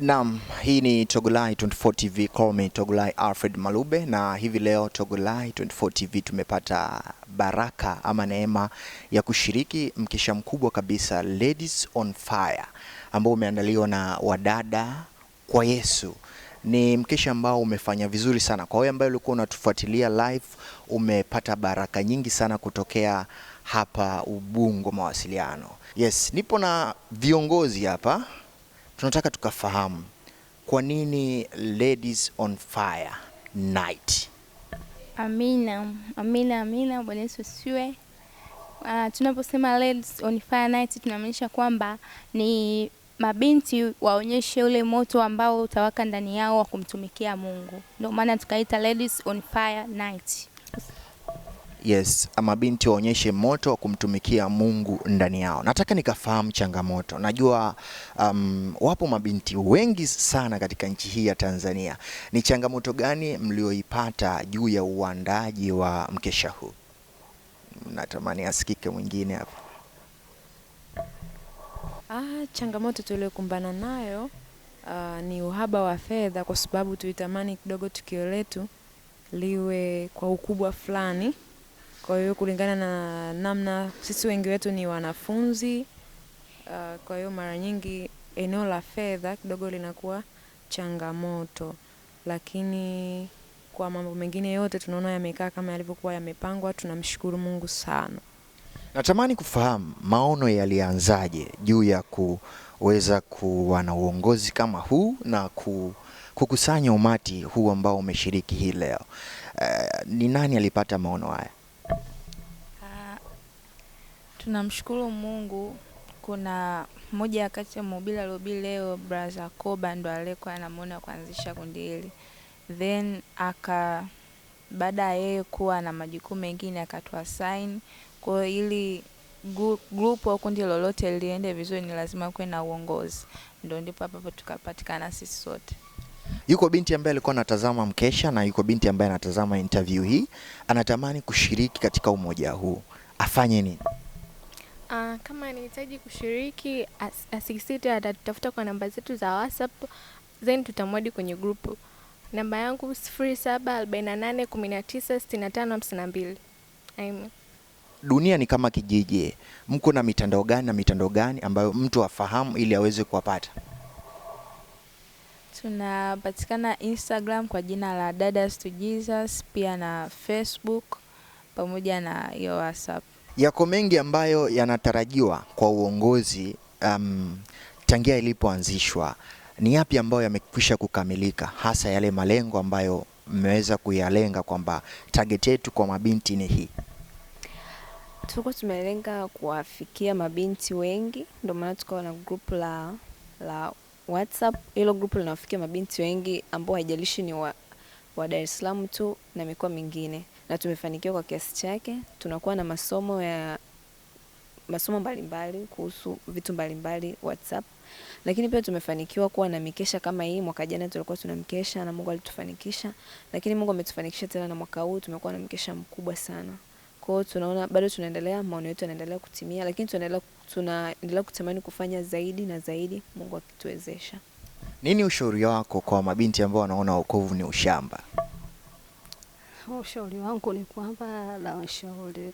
Naam, hii ni Togolai 24 TV, call me Togolai Alfred Malube, na hivi leo Togolai 24 TV tumepata baraka ama neema ya kushiriki mkesha mkubwa kabisa Ladies on Fire ambao umeandaliwa na wadada kwa Yesu. Ni mkesha ambao umefanya vizuri sana. Kwa wewe ambaye ulikuwa unatufuatilia live, umepata baraka nyingi sana kutokea hapa Ubungo Mawasiliano. Yes, nipo na viongozi hapa tunataka tukafahamu kwa nini Ladies on Fire Night. Amina, amina, amina. Bwana Yesu asifiwe. Uh, tunaposema Ladies on Fire Night tunamaanisha kwamba ni mabinti waonyeshe ule moto ambao utawaka ndani yao wa kumtumikia Mungu. Ndio maana tukaita Ladies on Fire Night yes, mabinti waonyeshe moto wa kumtumikia Mungu ndani yao. Nataka nikafahamu changamoto. Najua um, wapo mabinti wengi sana katika nchi hii ya Tanzania. Ni changamoto gani mlioipata juu ya uandaji wa mkesha huu? Natamani asikike mwingine hapo. Ah, changamoto tuliokumbana nayo uh, ni uhaba wa fedha, kwa sababu tulitamani kidogo tukio letu liwe kwa ukubwa fulani kwa hiyo kulingana na namna sisi wengi wetu ni wanafunzi uh, kwa hiyo mara nyingi eneo la fedha kidogo linakuwa changamoto, lakini kwa mambo mengine yote tunaona yamekaa kama yalivyokuwa yamepangwa. Tunamshukuru Mungu sana. Natamani kufahamu maono yalianzaje juu ya kuweza kuwa na uongozi kama huu na ku kukusanya umati huu ambao umeshiriki hii leo. Uh, ni nani alipata maono haya? Tunamshukuru Mungu kuna mmoja ya kati ya mhubiri aliohubiri leo brother Koba ndo aliyekuwa anamuona kuanzisha kundi hili. Then aka baada ya yeye kuwa na majukumu mengine akatoa sign. Kwa ili group au kundi lolote liende vizuri ni lazima kuwe na uongozi. Ndio ndipo hapo tukapatikana sisi sote. Yuko binti ambaye alikuwa anatazama mkesha na yuko binti ambaye anatazama interview hii, anatamani kushiriki katika umoja huu. Afanye nini? Uh, kama anahitaji kushiriki as, asisite atatutafuta kwa namba zetu za WhatsApp then tutamwadi kwenye grupu. Namba yangu sifuri saba arobaini na nane kumi na tisa sitini na tano hamsini na mbili. Dunia ni kama kijiji, mko na mitandao gani na mitandao gani ambayo mtu afahamu ili aweze kuwapata? Tunapatikana Instagram kwa jina la Dadas to Jesus, pia na Facebook pamoja na hiyo WhatsApp. Yako mengi ambayo yanatarajiwa kwa uongozi um, tangia ilipoanzishwa. Ni yapi ambayo yamekwisha kukamilika, hasa yale malengo ambayo mmeweza kuyalenga kwamba target yetu kwa mabinti ni hii? Tuko tumelenga kuwafikia mabinti wengi, ndio maana tukawa na group la la WhatsApp. Hilo group linawafikia mabinti wengi ambao haijalishi ni wa, wa Dar es Salaam tu na mikoa mingine na tumefanikiwa kwa kiasi chake. Tunakuwa na masomo ya masomo mbalimbali kuhusu vitu mbalimbali WhatsApp, lakini pia tumefanikiwa kuwa na mikesha kama hii. Mwaka jana tulikuwa tuna mkesha na Mungu alitufanikisha, lakini Mungu ametufanikisha tena na mwaka huu tumekuwa na mkesha mkubwa sana. Kwa hiyo tunaona bado tunaendelea, maono yetu yanaendelea kutimia, lakini tunaendelea tunaendelea kutamani kufanya zaidi na zaidi, Mungu akituwezesha. Nini ushauri wako kwa mabinti ambao wanaona wokovu ni ushamba? Ushauri wangu ni kwamba la washauri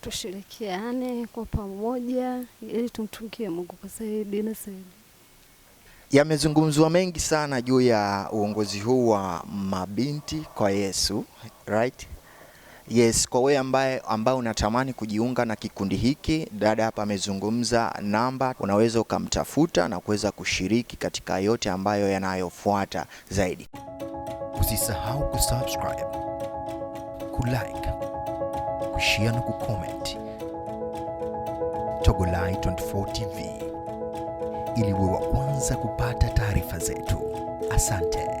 tushirikiane kwa pamoja ili tumtumikie Mungu kwa zaidi na zaidi. Yamezungumzwa mengi sana juu ya uongozi huu wa mabinti kwa Yesu, right? Yes, kwa wewe ambaye ambaye unatamani kujiunga na kikundi hiki, dada hapa amezungumza namba, unaweza ukamtafuta na kuweza kushiriki katika yote ambayo yanayofuata zaidi. Usisahau kusubscribe, kulike, kushare na kucomment Togolai 24 TV ili uwe wa kwanza kupata taarifa zetu. Asante.